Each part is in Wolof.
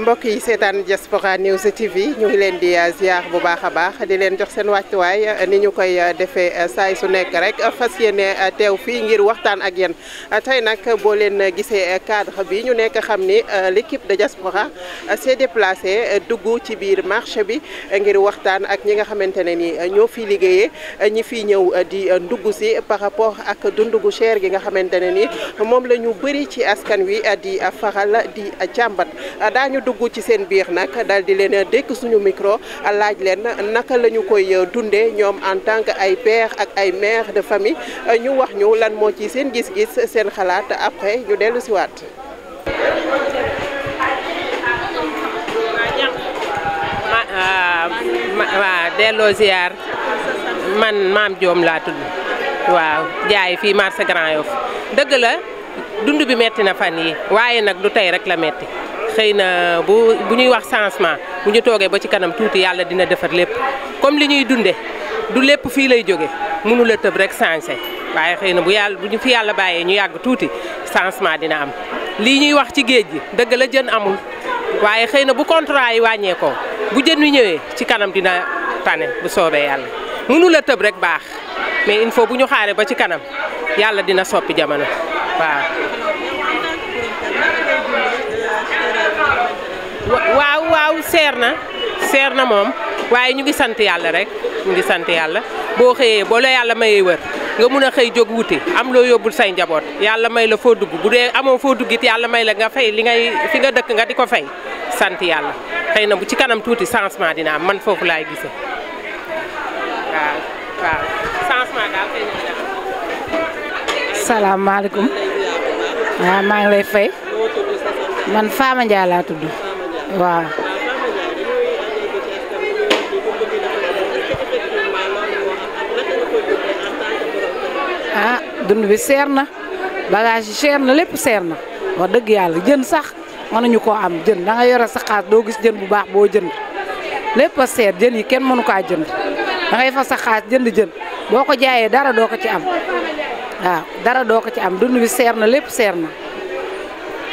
mbokk yi seetaan diaspora news tv ñu ngi leen di uh, ziar bu baax a baax di leen jox seen wàccuwaay uh, ni ñu koy uh, defee saay su nekk rek fas yéene teew fii ngir waxtaan ak yéen tey nag boo leen gisee cadre bi ñu nekk xam ni l'équipe de diaspora s'est déplacée dugg ci biir marché bi ngir waxtaan ak ñi nga xamante ne ni ñoo fi liggéeyee ñi fi ñëw di dugg si par rapport ak dund gu cher gi nga xamante ne ni moom la ñu bëri ci askan wi di faral di jàmbat daañu dugg ci seen biir nag daal di leen dékk suñu micro laaj leen naka lañu ñu koy dundee ñoom en tant que ay père ak ay meex de famille ñu wax ñu lan moo ci seen gis-gis seen xalaat après ñu dellu si waat ah, waaw man maam Diom laa tudd waaw jaay fii marché Grand Yoff dëgg la dund bi metti na fan yi waaye nag du tey rek la metti xëy na bu bu ñuy wax changement bu ñu toogee ba ci kanam tuuti yàlla dina defar lépp comme li ñuy dunde du lépp fii lay jóge mënu la tëb rek sance waaye xëy na bu yàlla bu ñu fi yàlla bàyyee ñu yàgg tuuti changement dina am lii ñuy wax ci géej gi dëgg la jën amul waaye xëy na bu contrat yi wàññeekoo bu jën wi ñëwee ci kanam dina tane bu soobee yàlla mënu la tëb rek baax mais il faut bu ñu xaaree ba ci kanam yàlla dina soppi jamono waa waaw waaw seer na seer na moom waaye ñu ngi sant yàlla rek ñu ngi sant yàlla boo xëyee boo yàlla mayee wër nga mun a xëy jóg wuti am loo yóbbul say njaboot yàlla may la foo dugg bu dee amoo foo dugg yàlla may la nga fay li ngay fi nga dëkk nga di ko fay sant yàlla xëy na bu ci kanam tuuti changement dina am man foofu laay gisee waaw waaw changement daal xëy na salaamaaleykum maa ngi lay fay man Fama tudd. waaw. ah dund bi seer na bagage yi seer na lépp seer na wax dëgg yàlla jën sax mënuñu koo am jën danga nga yore sa doo gis jën bu baax boo jën lépp a seer jën yi kenn mënu kaa jënd da ngay fa sa xaalis jënd jën boo ko jaayee dara doo ko ci am waaw dara doo ko ci am dund bi seer na lépp seer na.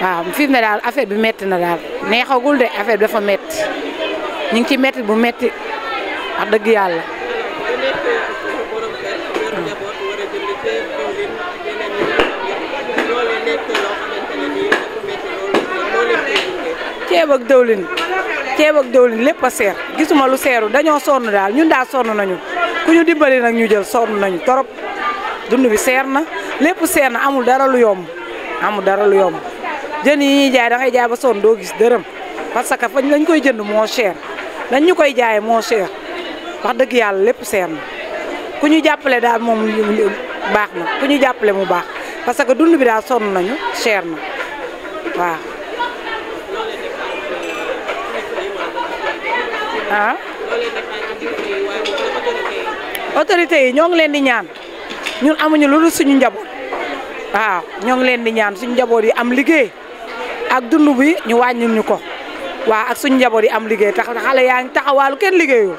waaw fi mu daal affaire bi metti na daal neexagul de affaire bi dafa métti ñu ngi ci métti bu metti wax dëgg yàlla. ceeb ak dëwlin ceeb ak dëwlin lépp a seer gisuma lu seeru dañoo sonn daal ñun daal sonn nañu ku ñu dimbali nag ñu jël sonn nañu torop dund bi seer na lépp seer na amul dara lu yomb amul dara lu yomb. jën yi ñuy jaay da ngay jaay ba sonn doo gis dërëm parce que fañ lañ koy jënd moo cher lañ ñu koy jaay moo cher wax dëgg yàlla lépp seer na ku ñu jàppale daal moom baax na ku ñu jàppale mu baax parce que dund bi daal sonn nañu cher na waaw. ah yi ñoo ngi leen di ñaan ñun amuñu lu suñu njaboot waaw ñoo ngi leen di ñaan suñu njaboot yi am liggéey. ak dund bi ñu wàññil ñu ko waa ak suñu njaboot yi am liggéey tax xale yaa ngi taxawaalu kenn liggéeyul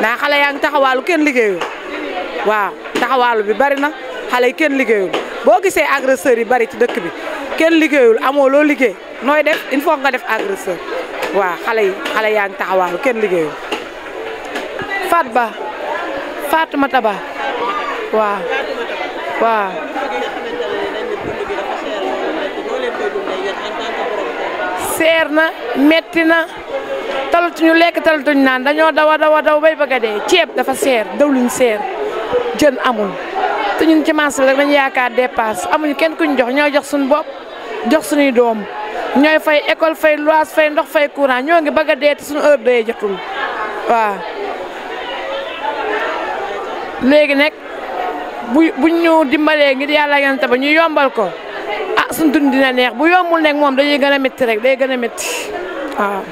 ndax xale yaa ngi taxawaalu kenn liggéeyul waaw taxawaalu bi bari na xale yi kenn liggéeyul boo gisee agresseurs yi bari ci dëkk bi kenn liggéeyul amoo loo liggéey nooy def il faut nga def agresseur waa xale yi xale yaa ngi taxawaalu kenn liggéeyul Fat Ba Fatoumata Ba waaw waaw seer na metti na lek lekk talatuñu nan dañoo daw daw daw bay bëgg a dee ceeb dafa seer dawluñ ser jeun amul te ñun ci marché rek dañu yaakaar dépasse amuñu kenn kuñ jox ñoo jox suñ bop jox suñu doom ñoy fay école fay loas fay ndox fay courant ñoo ngi bëgg a dee te suñu heure dee jotul wa léegi nag buñ ñu dimbalé ngir yalla yonent ba ñu yombal ko suñ dund dina neex bu yombul nekk moom dañuy gën a métti rek day gën a métti waaw.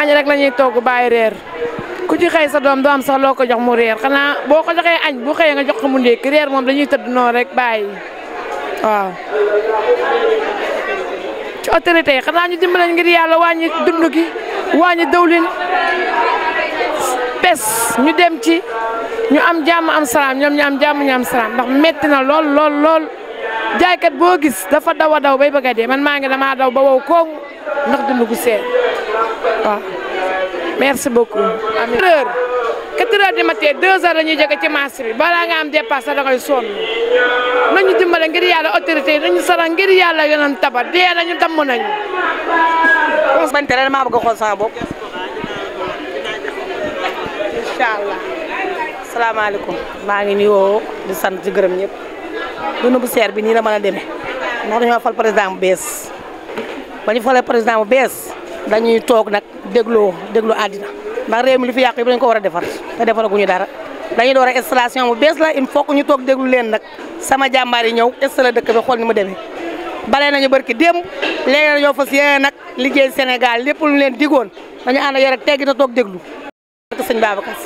añ rek la ñuy togg bàyyi reer ku ci xëy sa doom doo am sax loo ko jox mu reer xanaa boo ko joxee añ bu xëyee nga jox ko mu ndékki reer moom dañuy tëdd noonu rek bàyyi waaw. ci autorité yi xanaa ñu dimbale ngir yàlla wàññi dund gi wàññi dawlin pes ñu dem ci ñu am jamm am salam ñom ñam jamm ñam salam. ndax metti na lol lol jaay kat bo gis dafa daw daw bay bëgg dé man ma nga dama daw ba wow ko ndax dund gu sé wa merci beaucoup amiin heure quatre heures du matin deux heures la ñuy ci marché bi balaa nga am dépassé da ngay sonn nañu dimbale ngir yàlla autorité nañu sara ngir yàlla yonan tabar dee nañu damm nañu man tere damaa bëgg a sama asalaamaaleykum maa ngi nuyoo di sant di gërëm ñëpp dund bu seer bi nii la mën a demee ndax dañoo fal président bu bees ba ñu falee président bu bees dañuy toog nag dégloo déglu àddina ma réew mi li fi yàq yëpp dañ ko war a defar te ñu dara dañuy door a installation bu bees la il faut que ñu toog déglu leen nag sama jàmbaar yi ñëw installé dëkk bi xool ni mu demee balee nañu barki démb léegi dañoo fas yéene nag liggéey Sénégal lépp lu leen digoon dañu ànd yore teggi na toog déglu ak sëñ Babacar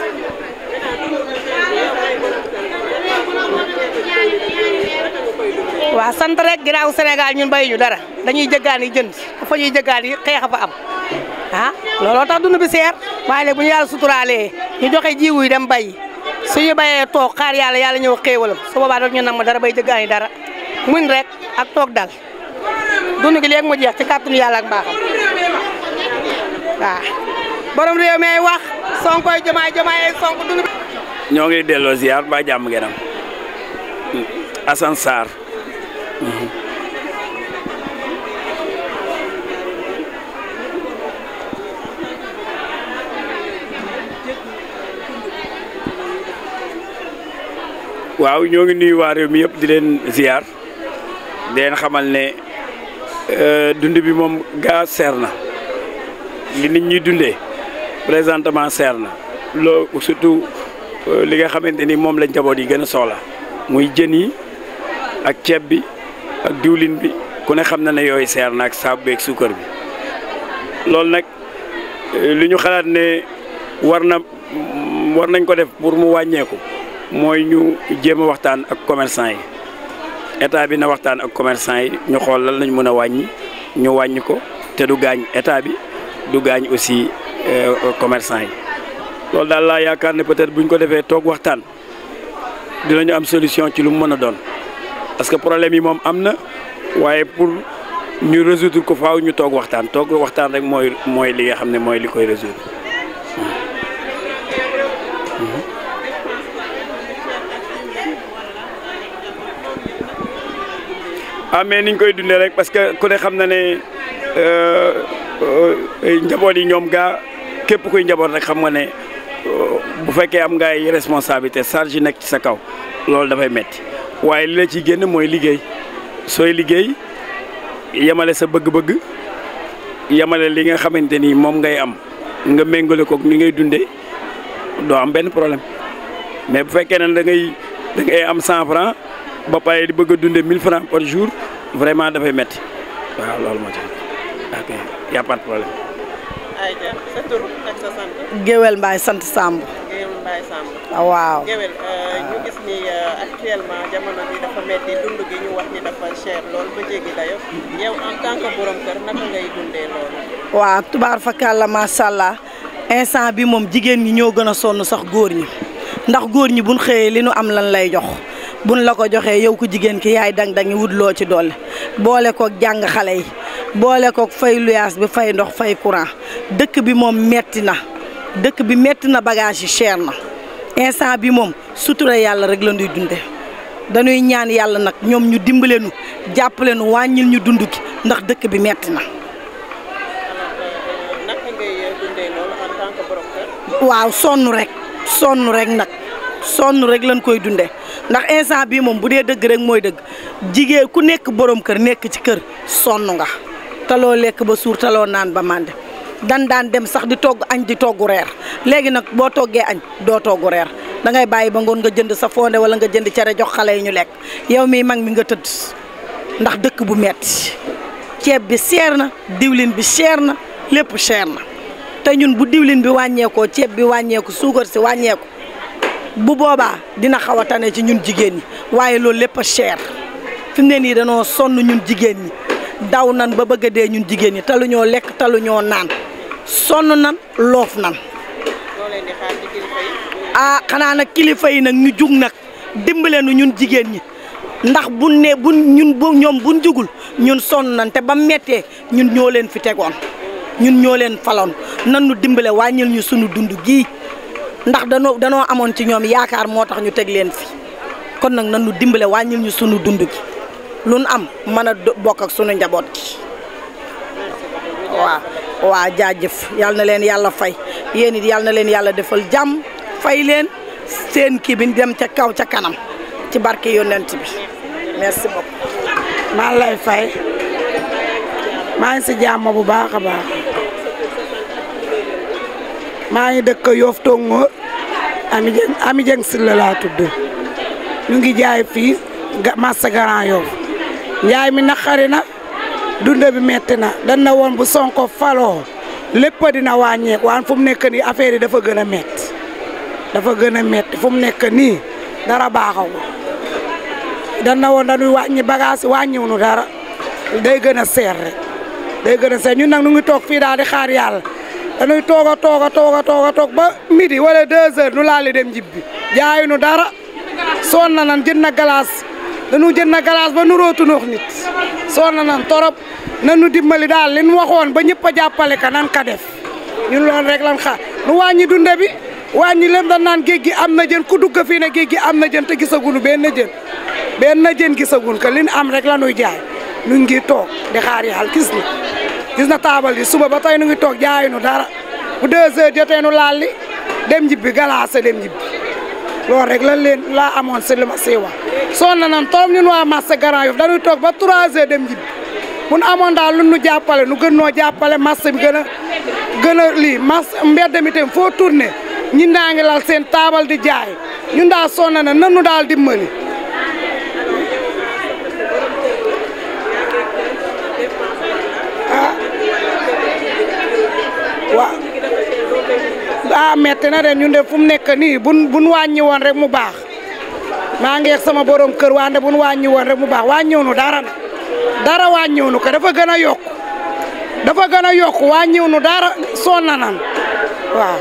waaw sant rek ginnaaw Sénégal ñun béyu ñu dara dañuy jëggaan yi jënd fa ñuy jëggaan yi xeex fa am ah looloo tax dund bi seer waaye bu ñu yàlla suturaalee ñu joxe jiwu yi dem bay suñu bayee toog xaar yàlla yàlla ñëw xéewalam su boobaa dootu ñu nam dara bay jëggaan yi dara muñ rek ak toog dal dund gi léegi mu jeex ci kàttanu yàlla ak mbaaxam waaw borom réew mi wax sonkoy jamaay jamaay ay sonk dund ñoo ngi delloo ziar ba jàmm ngeenam Assane Sarr. waaw ñoo ngi nuyu waa mi yëpp di leen ziar di leen xamal ne euh, dund bi moom gaa seer na li nit ñi dundee présentement seer na loo surtout euh, li nga xamante ni moom la njaboot yi gën soxla muy jën ak ceeb bi ak diwlin bi ku ne xam na ne yooyu seer na ak saabu beeg suukar bi loolu nag eh, li ñu xalaat ne war na war nañ ko def pour mu wàññeeku mooy ñu jéem a waxtaan ak commerçant yi état bi na waxtaan ak commerçant yi ñu xool lan lañ mën a wàññi ñu wàññi ko te du gaañ état bi du gaañ aussi eh, commerçant yi loolu daal laa yaakaar ne peut-être buñ ko defee toog waxtaan dinañu am solution ci lu mu mën a doon. parce que problème yi moom am na waaye pour ñu résoudre ko faaw ñu toog waxtaan toog waxtaan rek mooy mooy li nga xam ne mooy li koy résoudre. Hmm. ah mais niñ koy dundee rek parce que ku ne xam na ne euh, euh, njaboot yi ñoom gaa képp kuy njaboot rek xam nga ne euh, bu fekkee am ngay responsabilité charge nag ci sa kaw loolu dafay metti waye li la ci genn moy liggey soy liggey yamale sa bëgg-bëgg yamale li nga xamanteni mom ngay am nga mengale ko ni ngay dundé do am ben problème mais bu fekké nan da ngay da ngay am 100 franc ba paye di bëgg a 1000 francs par jour vraiment fay metti waaw loolu moo ci ak y a pas de problème. sa tour ak sa sant. Géwel Mbaye sant Samb. Géwel Mbaye Samb. Ah, waaw Géwel euh, ñu gis ni actuellement jamono bi dafa metti waaw tubaar fakalla macha allah instant bi moom jigéen ñi ñoo gën a sonn sax góor ñi ndax góor ñi buñ xëyee li nu am lan lay jox buñ la ko joxee yow ko jigéen ki yaay dang dangi wut loo ci doole boole koog jàng xale yi boole koog fay luyaas bi fay ndox fay courant dëkk bi moom metti na dëkk bi metti na bagage yi cher na. instant bi moom sutura yàlla rek la ñuy dunde dañuy ñaan yàlla nag ñoom ñu dimbale nu jàppale wàññil ñu dund ki ndax dëkk bi metti na. waaw sonn rek sonn rek nag sonn rek lañ koy dunde ndax instant bii moom bu dee dëgg rek mooy dëgg jigéen ku nekk borom kër nekk ci kër sonn nga taloo lekk ba suur taloo naan ba mànde dan daan dem sax di togg añ di togg reer léegi nag boo toggee añ doo togg reer da ngay bàyyi ba ngoon nga jënd sa fonde wala nga jënd cere jox xale yi ñu lekk yow mii mag mi nga tëdd ndax dëkk bu metti ceeb bi seer na diwlin bi seer na lépp seer na te ñun bu diwlin bi wàññeekoo ceeb bi wàññeeku suukar si wàññeeku bu boobaa dina xaw a tane ci ñun jigéen ñi waaye loolu lépp a seer fi mu ne nii danoo sonn ñun jigéen ñi daw nan ba bëgg dee ñun jigéen ñi talu lekk talu ñoo sonn nan loof nan ah xanaa na kilifa yi nag ñu jug nag dimbale nu ñun jigéen ñi ndax buñ ne ñun bu ñoom buñ jugul ñun sonn nan te ba mettee ñun ñoo leen fi tegoon ñun ñoo leen faloon nan nu dimbale wàññil ñu sunu dund gi ndax danoo amoon ci ñoom yaakaar moo tax ñu teg leen fi kon nag nan nu dimbale wàññil ñu sunu dund gi lu nu am mën a bokk ak sunu njaboot gi waa jaajëf yal na leen yàlla fay yéen it yal na leen yàlla defal jàmm fay leen seen kii bi dem ca kaw ca kanam ci barke yonent bi merci beaucoup. maa lay fay maa ngi si jàmm bu baax a baax maa ngi dëkk Yoff Tongoor Ami Dieng Ami Dieng Sylla laa tudd ñu ngi jaay fii Massa Grand Yoff njaay mi naqari na. dund bi metti na dañ na won bu Sonko faloo di dina wañe waan fum mu nekk nii affaire met, dafa gëna metti dafa gëna metti fum nek ni dara baxaw dañ na won dañuy wañi bagage wàññiwunu dara day gëna ser day gëna ser ñun nak nu ngi tok fi daal di xaar yàlla dañuy toog a tok ba midi wala 2 heures nu laali dem jibbi nu dara son na nan na dañu jënd na ba nu rotu noox nit son na nan torop nu dimbali daal li nu waxoon ba ñëpp a jàppale ka nan ka def ñun loolu rek nu wàññi dunde bi wàññi leen da naan géej gi am na jën ku dugg fii ne géej gi am na jën te gisaguñu benn jën benn jën gisaguñu ko li nu am rek la nuy jaay nu ngi toog di xaar yàlla gis na gis na taabal yi suba ba tey nu ngi toog jaay nu dara bu deux heures jotee nu laal li dem ñibbi galaasa dem ñibbi loolu rek lan leen laa amoon si li ma na wax sonn nañ toom ñun waa marché Grand Yoff dañuy toog ba trois dem ñibbi. bun amoon daal lu nu jàppale nu gën noo jàppale marché bi gën a gën a lii marché mbedd mi tam foo tourné ñun daa ngi lal seen taabal di jaay ñun daa sonn na nanu daal di dimbali. Ah, a metti na ren ñun de fu mu nekk nii buñ buñ wàññi woon rek mu baax maa ngi sama borom kër waande buñ wàññi woon rek mu baax wàññiwoonu dara na dara wàññiwunu ko dafa gën a yokk dafa gën a yokk wàññiwunu dara sonn nan waaw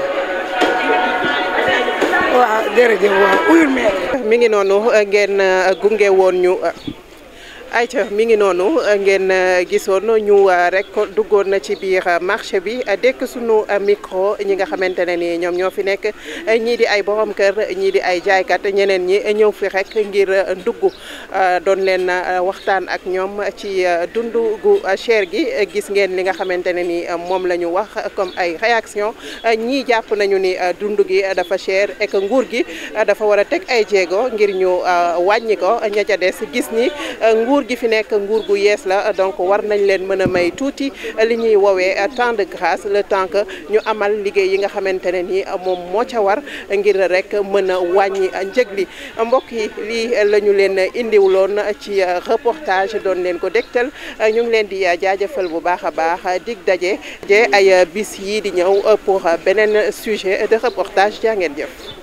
waaw jërëjëf waaw uyul mi mi ngi noonu ngeen gunge woon ñu ayca mi ngi noonu ngeen euh, gisoon ñu euh, rek duggoon na ci biir euh, marché bi dekk suñu micro ñi nga xamante ne ni ñoom ñoo fi nekk ñii di ay borom kër ñii di ay jaaykat ñeneen ñi ñëw fi rek ngir ndugg doon leen waxtaan ak ñoom ci dund gu cher gi gis ngeen li nga xamante ne ni moom la ñu wax comme ay réaction ñii jàpp nañu ni dund gi dafa cher et nguur gi dafa war a teg ay jéego ngir ñu wàññi ko des gis ni nguur gi fi nekk nguur gu yees la donc war nañ leen mën a may tuuti li ñuy woowee temps de grâce le temps que ñu amal liggéey yi nga xamante ne ni moom moo ca war ngir rek mën a wàññi njëg li mbokk yi lii la ñu leen indiwloon ci reportage doon leen ko dégtal ñu ngi leen di jaajëfal bu baax a baax dig daje je ay bis yii di ñëw pour beneen sujet de reportage jaa ngeen jëf